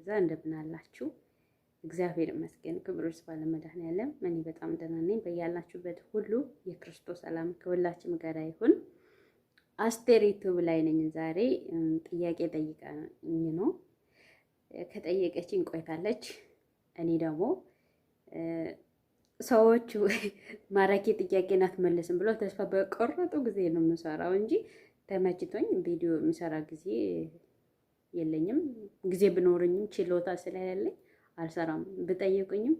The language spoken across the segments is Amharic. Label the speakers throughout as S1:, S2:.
S1: እዛ እንደምናላችሁ እግዚአብሔር ይመስገን፣ ክብር ይስፋ ለመድኃኔዓለም። እኔ በጣም ደህና ነኝ። በያላችሁበት ሁሉ የክርስቶስ ሰላም ከሁላችሁም ጋር ይሁን። አስቴር ዩቱብ ላይ ነኝ። ዛሬ ጥያቄ ጠይቃኝ ነው። ከጠየቀችኝ ቆይታለች። እኔ ደግሞ ሰዎች ማራኪ ጥያቄን አትመልስም ብሎ ተስፋ በቆረጡ ጊዜ ነው የምሰራው እንጂ ተመችቶኝ ቪዲዮ የሚሰራ ጊዜ የለኝም። ጊዜ ብኖርኝም ችሎታ ስለሌለኝ አልሰራም። ብጠይቁኝም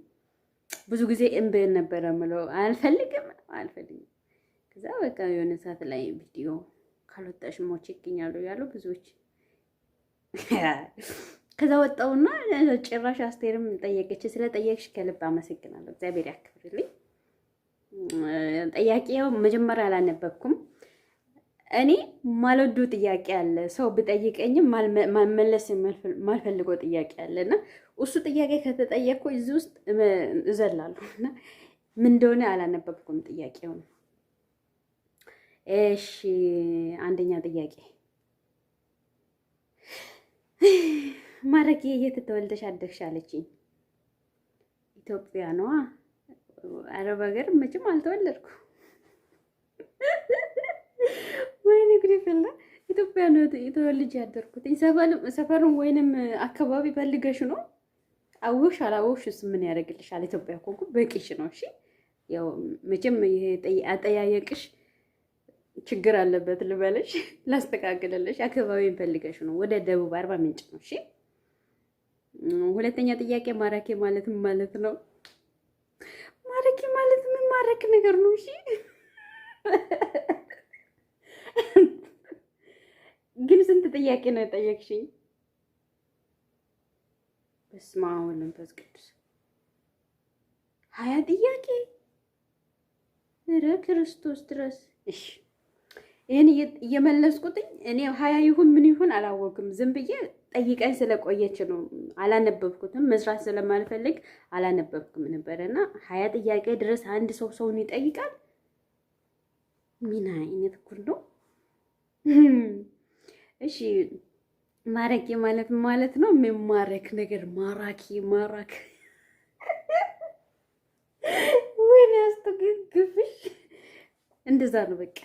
S1: ብዙ ጊዜ እምብ ነበረ ምለው አልፈልግም አልፈልግም። ከዛ በቃ የሆነ ሰዓት ላይ ቪዲዮ ካልወጣሽ ሞቼ ይገኛሉ ያሉ ብዙዎች። ከዛ ወጣውና ጭራሽ አስቴርም ጠየቀች። ስለጠየቅሽ ከልብ አመሰግናለሁ፣ እግዚአብሔር ያክብርልኝ። ጠያቄው መጀመሪያ አላነበብኩም እኔ ማልወዱ ጥያቄ አለ። ሰው ብጠይቀኝም ማልመለስ ማልፈልገው ጥያቄ አለ እና እሱ ጥያቄ ከተጠየቅኩ እዚህ ውስጥ እዘላለሁ እና ምን እንደሆነ አላነበብኩም ጥያቄውን። እሺ፣ አንደኛ ጥያቄ ማረጌ የት ተወልደሽ አደግሽ አለችኝ። ኢትዮጵያ ነዋ። አረብ ሀገር መቼም አልተወለድኩ ወይኔ ጉዴ ፈላ። ኢትዮጵያ ነው ተወልጄ ያደርኩት። ሰፈርም ወይንም አካባቢ ፈልገሽ ነው አውሽ አላውሽ እሱ ምን ያደርግልሻል? ኢትዮጵያ እኮ በቂሽ ነው። እሺ ያው መቼም ይሄ አጠያየቅሽ ችግር አለበት ልበለሽ፣ ላስተካክልልሽ። አካባቢን ፈልገሽ ነው ወደ ደቡብ አርባ ምንጭ ነው። እሺ ሁለተኛ ጥያቄ ማራኪ ማለት ማለት ነው። ማራኪ ማለት ምን ማራኪ ነገር ነው? እሺ ግን ስንት ጥያቄ ነው የጠየቅሽኝ? በስመ አብ ወወልድ ወመንፈስ ቅዱስ ሀያ ጥያቄ ኧረ ክርስቶስ ድረስ። እሺ ይህን እየመለስኩትኝ እኔ ሀያ ይሁን ምን ይሁን አላወቅም። ዝም ብዬ ጠይቀኝ ስለቆየች ነው አላነበብኩትም። መስራት ስለማልፈልግ አላነበብኩም ነበረ እና ሀያ ጥያቄ ድረስ አንድ ሰው ሰውን ይጠይቃል? ምን አይነት እኩል ነው? እሺ ማረኪ ማለት ማለት ነው። የሚማረክ ነገር ማራኪ ማራክ ወይኔ ያስተግግፍሽ እንደዛ ነው በቃ።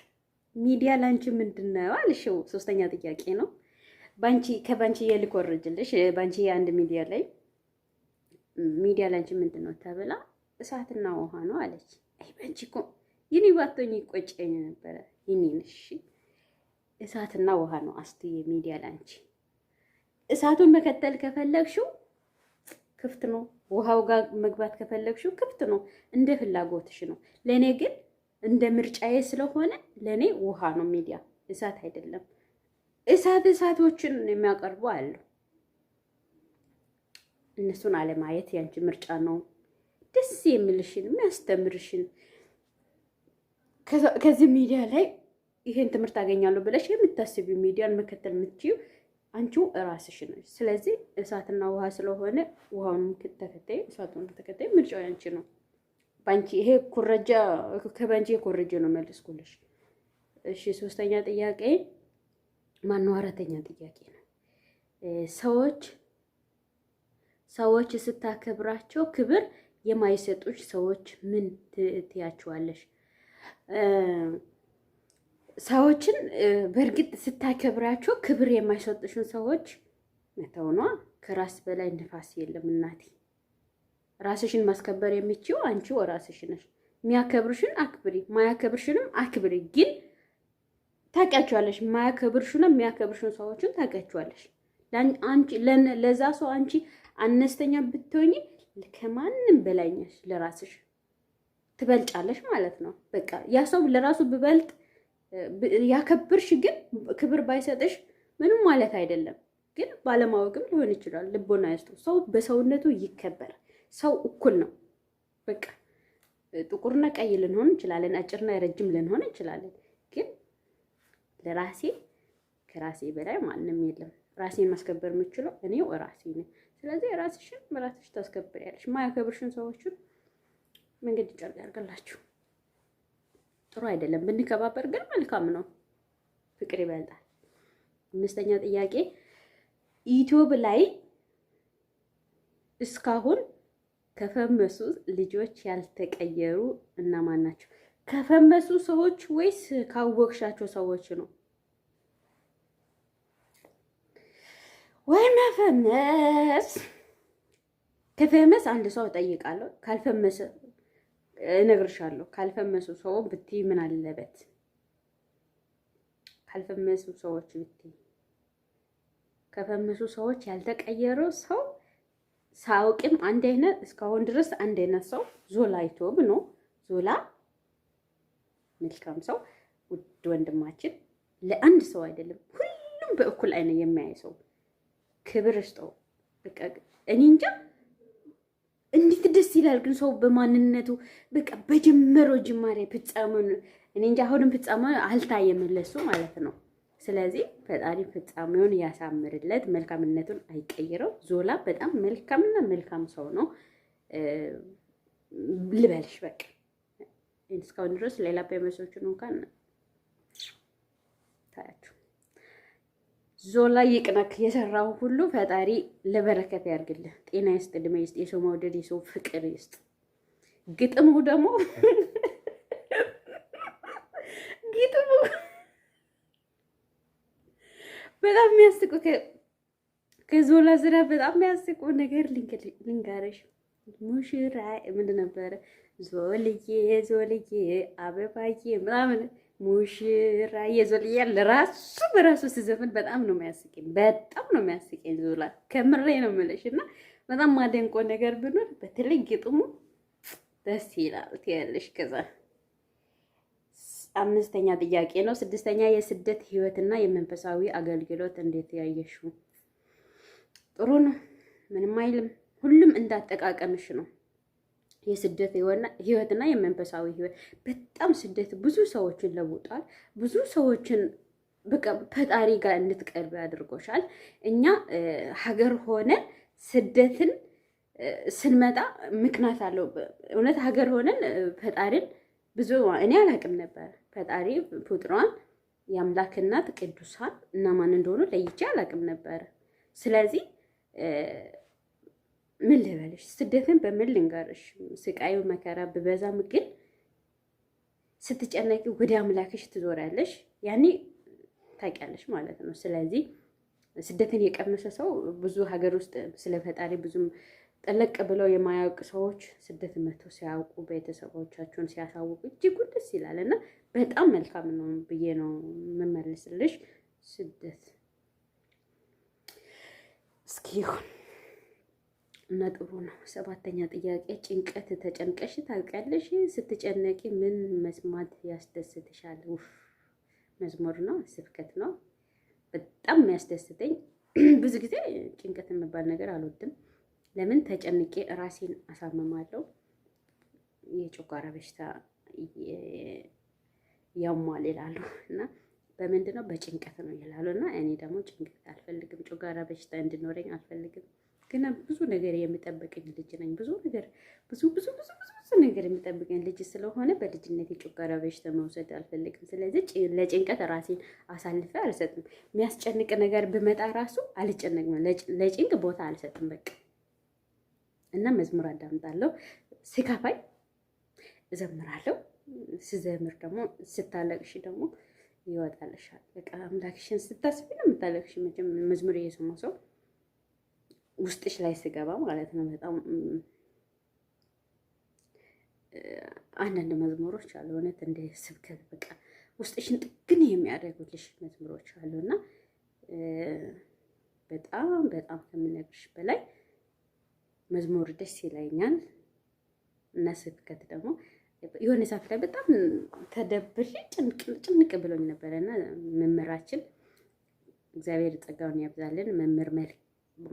S1: ሚዲያ ላንቺ ምንድን ነው አልሽው? ሶስተኛ ጥያቄ ነው። ባንቺ ከባንቺ የልኮርጅልሽ ባንቺ አንድ ሚዲያ ላይ ሚዲያ ላንቺ ምንድን ነው ተብላ እሳትና ውሃ ነው አለች። አይ ባንቺ እኮ ይኔ ባቶኝ ይቆጨኝ ነበረ ይኔ እሺ እሳትና ውሃ ነው። አስትዬ ሚዲያ ላንቺ እሳቱን መከተል ከፈለግሽው ክፍት ነው። ውሃው ጋር መግባት ከፈለግሽው ክፍት ነው። እንደ ፍላጎትሽ ነው። ለእኔ ግን እንደ ምርጫዬ ስለሆነ ለእኔ ውሃ ነው ሚዲያ፣ እሳት አይደለም። እሳት እሳቶችን የሚያቀርቡ አሉ። እነሱን አለማየት ያንቺ ምርጫ ነው። ደስ የሚልሽን የሚያስተምርሽን ከዚህ ሚዲያ ላይ ይሄን ትምህርት አገኛለሁ ብለሽ የምታስቢው ሚዲያን መከተል የምትችይው አንቺው እራስሽ ነች። ስለዚህ እሳትና ውሃ ስለሆነ ውሃውን ተከታይ፣ እሳቱን ተከታይ፣ ምርጫ ያንቺ ነው። ባንቺ ይሄ ኮረጃ ከባንቺ የኮረጀ ነው መልስኩልሽ። እሺ ሶስተኛ ጥያቄ ማነው? አራተኛ ጥያቄ ነው። ሰዎች ሰዎች ስታከብራቸው ክብር የማይሰጡች ሰዎች ምን ትያቸዋለሽ? ሰዎችን በእርግጥ ስታከብራቸው ክብር የማይሰጡሽን ሰዎች መተውኗ ከራስ በላይ ንፋስ የለም እናቴ። ራስሽን ማስከበር የምችው አንቺ ራስሽ ነሽ። የሚያከብርሽን አክብሪ፣ ማያከብርሽንም አክብሪ። ግን ታውቂያቸዋለሽ። ማያከብርሽንም የሚያከብርሽን ሰዎችን ታውቂያቸዋለሽ። ለዛ ሰው አንቺ አነስተኛ ብትሆኝ ከማንም በላይ ነሽ። ለራስሽ ትበልጫለሽ ማለት ነው። በቃ ያ ሰው ለራሱ ብበልጥ ያከብርሽ ግን ክብር ባይሰጥሽ ምንም ማለት አይደለም። ግን ባለማወቅም ሊሆን ይችላል። ልቦና ያስጡ ሰው በሰውነቱ ይከበር። ሰው እኩል ነው። በቃ ጥቁርና ቀይ ልንሆን እንችላለን፣ አጭርና ረጅም ልንሆን እንችላለን። ግን ለራሴ ከራሴ በላይ ማንም የለም። ራሴን ማስከበር የምችለው እኔው ራሴ ነኝ። ስለዚህ ራስሽን በራስሽ ታስከብሪያለሽ። ማያከብርሽን ሰዎችን መንገድ ያርግላችሁ። ጥሩ አይደለም። ብንከባበር ግን መልካም ነው። ፍቅር ይበልጣል። አምስተኛ ጥያቄ ዩቲዩብ ላይ እስካሁን ከፈመሱ ልጆች ያልተቀየሩ እነማን ናቸው? ከፈመሱ ሰዎች ወይስ ካወቅሻቸው ሰዎች ነው? ወይ መፈመስ ከፈመስ አንድ ሰው ጠይቃለሁ። ካልፈመሰ እነግርሻለሁ። ካልፈመሱ ሰው ብትይ ምን አለበት? ካልፈመሱ ሰዎች ብትይ ከፈመሱ ሰዎች ያልተቀየረው ሰው ሳውቅም አንድ አይነት እስካሁን ድረስ አንድ አይነት ሰው ዞላ አይቶም ነው። ዞላ መልካም ሰው ውድ ወንድማችን ለአንድ ሰው አይደለም ሁሉም በእኩል አይነት የሚያይ ሰው ክብር ስጠው። እኔ እንጃ እንዴት ደስ ይላል ግን ሰው በማንነቱ በቃ በጀመረው ጅማሬ ፍጻሜውን እኔ እንጂ አሁንም ፍጻሜውን አልታየም ለሱ ማለት ነው። ስለዚህ ፈጣሪ ፍጻሜውን ያሳምርለት፣ መልካምነቱን አይቀይረው። ዞላ በጣም መልካምና መልካም ሰው ነው ልበልሽ። በቃ እስካሁን ድረስ ሌላ በመሶችን እንኳን ታያችሁ ዞላ ይቅናክ የሰራው ሁሉ ፈጣሪ ለበረከት ያርግልህ፣ ጤና ይስጥ፣ እድሜ ይስጥ፣ የሰው መውደድ፣ የሰው ፍቅር ይስጥ። ግጥሙ ደግሞ ግጥሙ በጣም የሚያስቁ ከዞላ ስራ በጣም የሚያስቁ ነገር ልንጋረሽ። ሙሽራ ምንድን ነበረ? ዞልዬ ዞልዬ አበባዬ ምናምን ሙሽራ የዞልያል ራሱ በራሱ ሲዘፍን በጣም ነው የሚያስቀኝ፣ በጣም ነው የሚያስቀኝ። ዞላ ከምሬ ነው የምልሽ። እና በጣም ማደንቆ ነገር ብኖር በተለይ ግጥሙ ደስ ይላል ትያለሽ። ከዛ አምስተኛ ጥያቄ ነው። ስድስተኛ የስደት ህይወትና የመንፈሳዊ አገልግሎት እንዴት ያየሽው? ጥሩ ነው፣ ምንም አይልም። ሁሉም እንዳጠቃቀምሽ ነው። የስደት ህይወትና የመንፈሳዊ ህይወት በጣም ስደት ብዙ ሰዎችን ለውጧል። ብዙ ሰዎችን በቃ ፈጣሪ ጋር እንድትቀርብ አድርጎሻል። እኛ ሀገር ሆነን ስደትን ስንመጣ ምክንያት አለው። እውነት ሀገር ሆነን ፈጣሪን ብዙ እኔ አላቅም ነበር። ፈጣሪ ፍጡሯን የአምላክ እናት ቅዱሳን እና ማን እንደሆኑ ለይቼ አላቅም ነበር። ስለዚህ ምን ልበልሽ፣ ስደትን በምን ልንገርሽ? ስቃዩ መከራ ብበዛም ግን ስትጨነቂ ወደ አምላክሽ ትዞሪያለሽ። ያኔ ታውቂያለሽ ማለት ነው። ስለዚህ ስደትን የቀመሰ ሰው ብዙ ሀገር ውስጥ ስለ ፈጣሪ ብዙም ጠለቅ ብለው የማያውቅ ሰዎች ስደት መቶ ሲያውቁ ቤተሰቦቻቸውን ሲያሳውቁ እጅጉን ደስ ይላል እና በጣም መልካም ነው ብዬ ነው የምመልስልሽ። ስደት እስኪ ይሁን እና ጥሩ ነው። ሰባተኛ ጥያቄ ጭንቀት ተጨንቀሽ ታውቂያለሽ? ስትጨነቂ ምን መስማት ያስደስትሻል? ውፍ መዝሙር ነው፣ ስብከት ነው። በጣም የሚያስደስተኝ ብዙ ጊዜ ጭንቀት የሚባል ነገር አልወድም። ለምን ተጨንቄ ራሴን አሳምማለሁ። የጨጓራ በሽታ ያሟል ይላሉ እና በምንድን ነው በጭንቀት ነው ይላሉ። እና እኔ ደግሞ ጭንቀት አልፈልግም፣ ጨጓራ በሽታ እንዲኖረኝ አልፈልግም። ግን ብዙ ነገር የሚጠብቀኝ ልጅ ነኝ። ብዙ ነገር ብዙ ብዙ ብዙ ብዙ ነገር የሚጠብቀኝ ልጅ ስለሆነ በልጅነት የጮጋራ በሽታ መውሰድ አልፈልግም። ስለዚህ ለጭንቀት ራሴን አሳልፈ አልሰጥም። የሚያስጨንቅ ነገር ብመጣ ራሱ አልጨነቅም። ለጭንቅ ቦታ አልሰጥም። በቃ እና መዝሙር አዳምጣለሁ። ሲከፋኝ እዘምራለሁ። ስዘምር ደግሞ ስታለቅሽ ደግሞ ይወጣልሻል። በቃ አምላክሽን ስታስቢ ነው የምታለቅሽ። መዝሙር እየሰማ ሰው ውስጥሽ ላይ ስገባ ማለት ነው። በጣም አንዳንድ መዝሙሮች አሉ እውነት እንደ ስብከት በቃ ውስጥሽን ጥግን የሚያደርጉልሽ መዝሙሮች አሉ እና በጣም በጣም ከምነግርሽ በላይ መዝሙር ደስ ይለኛል እና ስብከት ደግሞ የሆነ ሰዓት ላይ በጣም ተደብሬ ጭንቅ ብሎኝ ነበረ እና መምህራችን እግዚአብሔር ጸጋውን ያብዛልን መምህር መልክ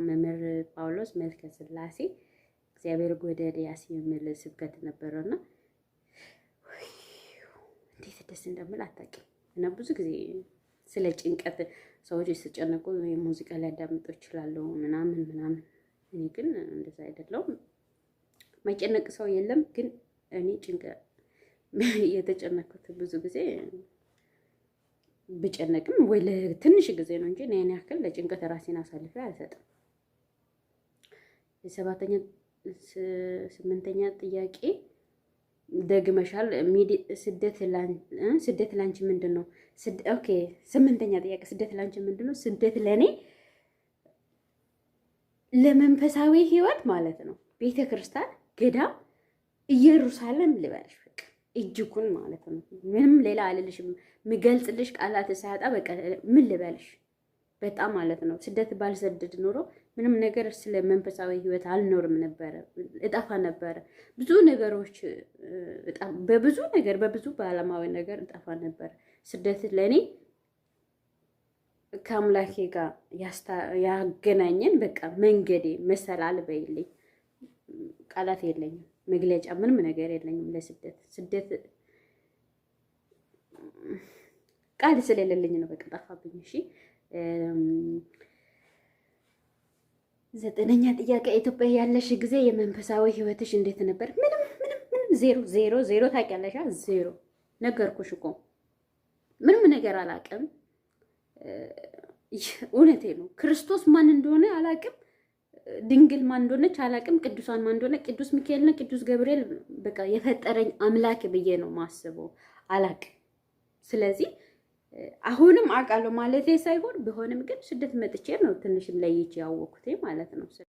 S1: መምህር ጳውሎስ መልከ ስላሴ እግዚአብሔር ጎደል የሚል ስብከት ነበረውና እንዴት ደስ እንደምል አታውቂም። እና ብዙ ጊዜ ስለ ጭንቀት ሰዎች የተጨነቁ ሙዚቃ ሊያዳምጦ ይችላለሁ ምናምን ምናምን። እኔ ግን እንደዛ አይደለሁም። መጨነቅ ሰው የለም፣ ግን እኔ ጭንቀ የተጨነኩት ብዙ ጊዜ ብጨነቅም ወይ ለትንሽ ጊዜ ነው እንጂ እኔን ያክል ለጭንቀት ራሴን አሳልፌ አልሰጥም። ሰባተኛ ስምንተኛ ጥያቄ ደግመሻል። ስደት ላንቺ ምንድን ነው? ኦኬ ስምንተኛ ጥያቄ ስደት ላንቺ ምንድን ነው? ስደት ለእኔ ለመንፈሳዊ ህይወት ማለት ነው። ቤተ ክርስቲያን፣ ገዳም፣ ኢየሩሳሌም ልበልሽ እጅጉን ማለት ነው። ምንም ሌላ አልልሽም። ምገልጽልሽ ቃላት ሳያጣ በቃ ምን ልበልሽ? በጣም ማለት ነው። ስደት ባልሰደድ ኖሮ ምንም ነገር ስለ መንፈሳዊ ህይወት አልኖርም ነበረ፣ እጠፋ ነበረ። ብዙ ነገሮች በብዙ ነገር በብዙ በዓለማዊ ነገር እጠፋ ነበረ። ስደት ለእኔ ከአምላኬ ጋር ያገናኘን በቃ መንገዴ መሰላል በይልኝ። ቃላት የለኝም፣ መግለጫ ምንም ነገር የለኝም ለስደት ስደት ቃል ስለሌለኝ ነው። በቃ ጠፋብኝ። እሺ ዘጠነኛ ጥያቄ ኢትዮጵያ ያለሽ ጊዜ የመንፈሳዊ ህይወትሽ እንዴት ነበር? ምንም ምንም ምንም ዜሮ ዜሮ ዜሮ። ታውቂያለሽ፣ ዜሮ ነገርኩሽ እኮ ምንም ነገር አላውቅም። እውነቴ ነው። ክርስቶስ ማን እንደሆነ አላውቅም። ድንግል ማን እንደሆነች አላውቅም። ቅዱሳን ማን እንደሆነ ቅዱስ ሚካኤል ሚካኤልና ቅዱስ ገብርኤል በቃ የፈጠረኝ አምላክ ብዬ ነው ማስበው። አላውቅም ስለዚህ አሁንም አውቃለሁ ማለት ሳይሆን ቢሆንም ግን ስደት መጥቼ ነው ትንሽም ለይቼ ያወኩት ማለት ነው።